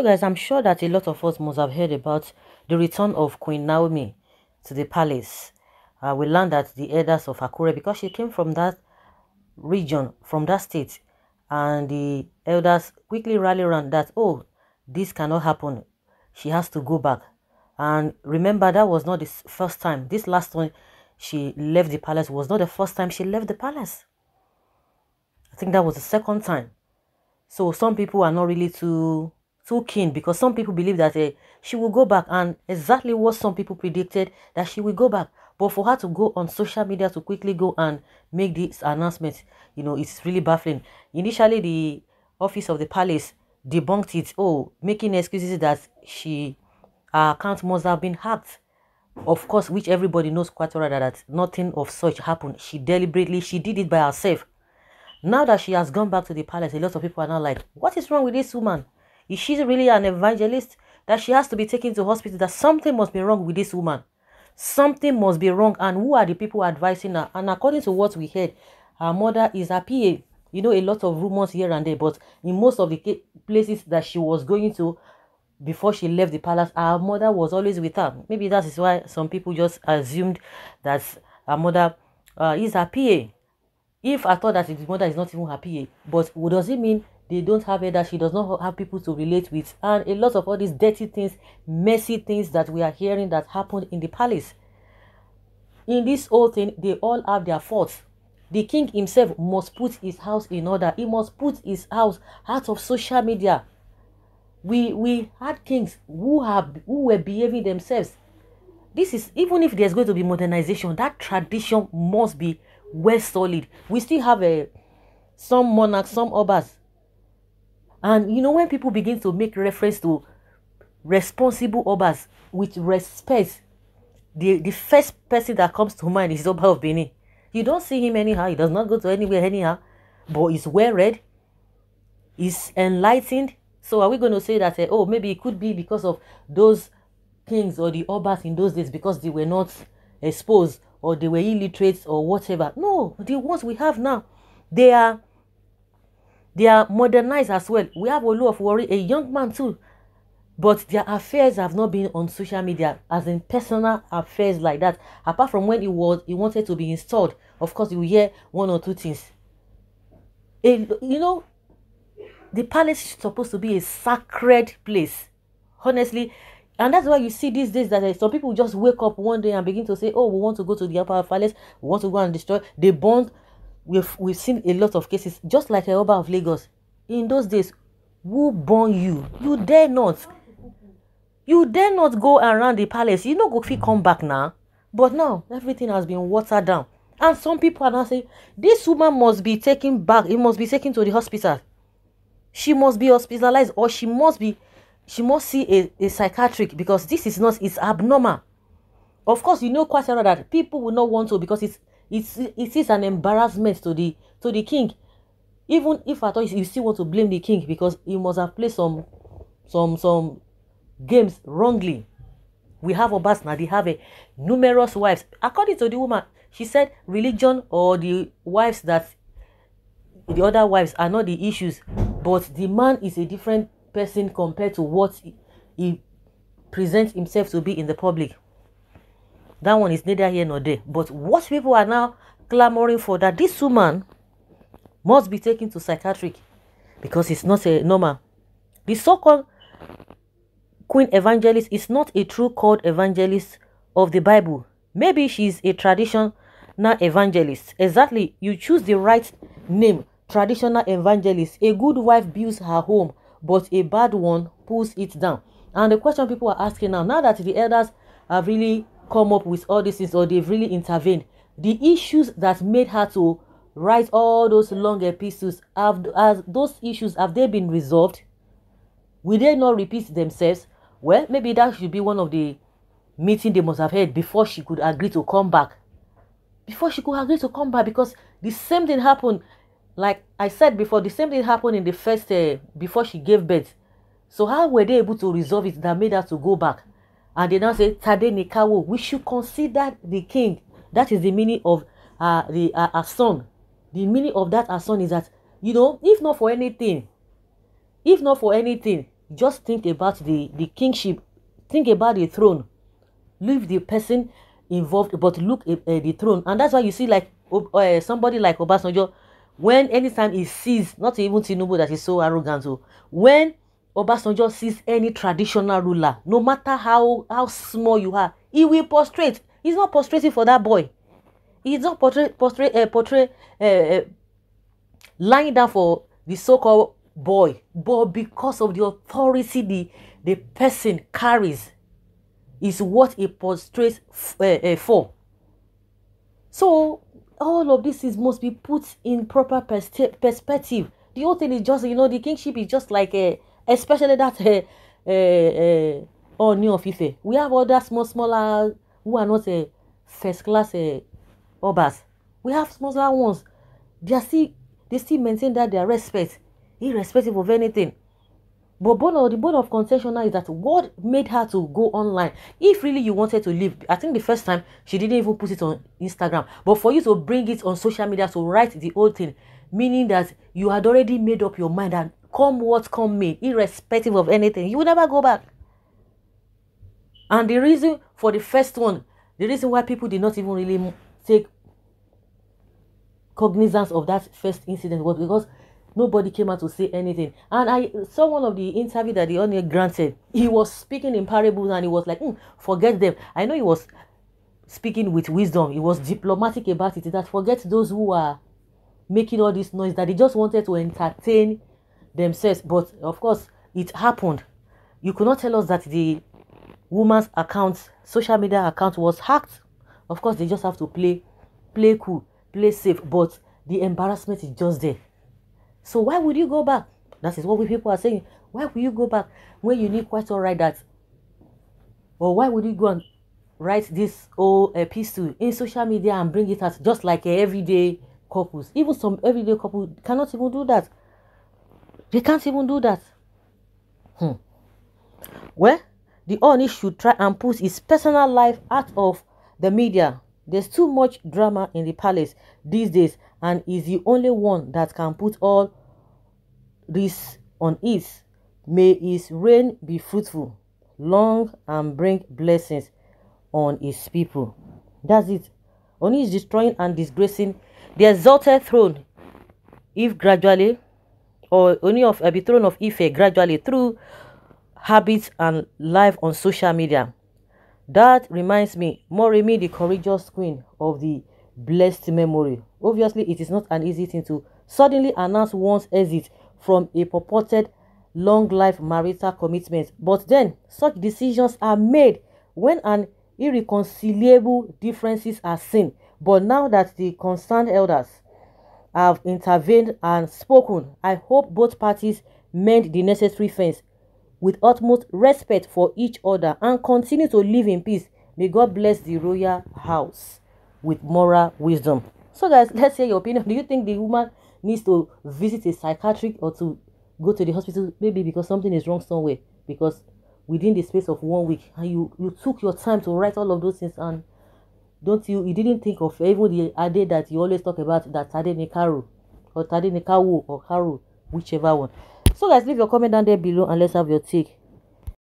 So guys, I'm sure that a lot of us must have heard about the return of Queen Naomi to the palace. Uh, we learned that the elders of Akure, because she came from that region, from that state, and the elders quickly rallied around that, oh, this cannot happen. She has to go back. And remember, that was not the first time. This last one, she left the palace, was not the first time she left the palace. I think that was the second time. So some people are not really too too keen because some people believe that uh, she will go back and exactly what some people predicted that she will go back but for her to go on social media to quickly go and make this announcement you know it's really baffling initially the office of the palace debunked it oh making excuses that she her account must have been hacked of course which everybody knows quite well that nothing of such happened she deliberately she did it by herself now that she has gone back to the palace a lot of people are now like what is wrong with this woman is she really an evangelist that she has to be taken to hospital? That something must be wrong with this woman. Something must be wrong. And who are the people advising her? And according to what we heard, her mother is a PA. You know, a lot of rumors here and there, but in most of the places that she was going to before she left the palace, her mother was always with her. Maybe that is why some people just assumed that her mother uh, is her PA. If I thought that his mother is not even her PA, but does it mean they don't have her that she does not have people to relate with and a lot of all these dirty things messy things that we are hearing that happened in the palace in this whole thing they all have their faults the king himself must put his house in order he must put his house out of social media we we had kings who have who were behaving themselves this is even if there's going to be modernization that tradition must be well solid we still have a eh, some monarchs some others and you know, when people begin to make reference to responsible obas with respect, the, the first person that comes to mind is Oba of Benin. You don't see him anyhow, he does not go to anywhere anyhow, but he's well read, he's enlightened. So, are we going to say that, uh, oh, maybe it could be because of those kings or the obas in those days because they were not exposed or they were illiterate or whatever? No, the ones we have now, they are They are modernized as well. We have Olu of Warri, a young man too. But their affairs have not been on social media, as in personal affairs like that. Apart from when he was he wanted to be installed. Of course, you hear one or two things. A, you know, the palace is supposed to be a sacred place. Honestly, and that's why you see these days that uh, some people just wake up one day and begin to say, "Oh, we want to go to the upper palace. We want to go and destroy." They burn we've we've seen a lot of cases just like a robber of Lagos in those days who born you you dare not you dare not go around the palace you no go fit come back now but now everything has been watered down and some people are now saying this woman must be taken back it must be taken to the hospital she must be hospitalized or she must be she must see a, a psychiatric because this is not it's abnormal of course you know quite well that people will not want to because it's it's, an embarrassment to the to the king. Even if at all you still want to blame the king because he must have played some some some games wrongly. We have now; they have a numerous wives. According to the woman, she said religion or the wives that the other wives are not the issues, but the man is a different person compared to what he, he presents himself to be in the public. That one is neither here nor there. But what people are now clamoring for that this woman must be taken to psychiatric because it's not a normal. The so-called Queen Evangelist is not a true called evangelist of the Bible. Maybe she's a traditional evangelist. Exactly, you choose the right name, traditional evangelist. A good wife builds her home, but a bad one pulls it down. And the question people are asking now, now that the elders have really come up with all these things or they've really intervened. The issues that made her to write all those long epistles, have, have those issues, have they been resolved? Will they not repeat themselves? Well, maybe that should be one of the meeting they must have had before she could agree to come back. Before she could agree to come back because the same thing happened. Like I said before, the same thing happened in the first, uh, before she gave birth. So how were they able to resolve it that made her to go back? and they now say tade nikawo we should consider the king that is the meaning of uh, the uh, her son the meaning of that her son is that you know if not for anything if not for anything just think about the the kingship think about the throne leave the person involved but look at uh, the throne and that's why you see like uh, somebody like Obasanjo when anytime he sees not even Tinubu that is so arrogant o oh, so, when Obasanjo sees any traditional ruler, no matter how, how small you are, he will prostrate. He's not prostrating for that boy. He's not portray, portray, uh, portray, uh, uh, lying down for the so-called boy, but because of the authority the, the person carries is what he prostrates uh, uh, for. So all of this is must be put in proper pers- perspective. The whole thing is just, you know, the kingship is just like a especially that uh, eh, uh, eh, uh, eh, Oni oh, of Ife. We have other small, smaller who are not a uh, first class uh, obas. We have smaller ones. They are still they still maintain that their respect, irrespective of anything. But bone of, the bone of contention now is that what made her to go online? If really you wanted to leave, I think the first time she didn't even put it on Instagram. But for you to bring it on social media to write the whole thing, meaning that you had already made up your mind and come what come may, irrespective of anything, you will never go back. And the reason for the first one, the reason why people did not even really take cognizance of that first incident was because nobody came out to say anything. And I saw one of the interview that the onion granted. He was speaking in parables and he was like, mm, forget them. I know he was speaking with wisdom. He was diplomatic about it. That forget those who are making all this noise that they just wanted to entertain themselves. But of course, it happened. You could not tell us that the woman's account, social media account, was hacked. Of course, they just have to play, play cool, play safe. But the embarrassment is just there. So why would you go back? That is what we people are saying. Why would you go back when you need quite all right that? Or why would you go and write this whole epistle uh, in social media and bring it out just like everyday couples? Even some everyday couple cannot even do that. They can't even do that. Hmm. Well, the only should try and push his personal life out of the media. There's too much drama in the palace these days, and is the only one that can put all this on ease. May his reign be fruitful, long, and bring blessings on his people. That's it. Oni is destroying and disgracing the exalted throne if gradually or only of uh, thrown of Ife gradually through habits and life on social media. That reminds me, Moremi, the courageous queen of the blessed memory. Obviously, it is not an easy thing to suddenly announce one's exit from a purported long life marital commitment. But then, such decisions are made when an irreconcilable differences are seen. But now that the concerned elders have intervened and spoken. I hope both parties mend the necessary fence with utmost respect for each other and continue to live in peace. May God bless the royal house with moral wisdom. So, guys, let's hear your opinion. Do you think the woman needs to visit a psychiatric or to go to the hospital? Maybe because something is wrong somewhere. Because within the space of one week, and you you took your time to write all of those things and don't you? You didn't think of even the Ade that you always talk about, that Ade Nikaru or Tade Nikawu or Karu, whichever one. So guys, leave your comment down there below and let's have your take.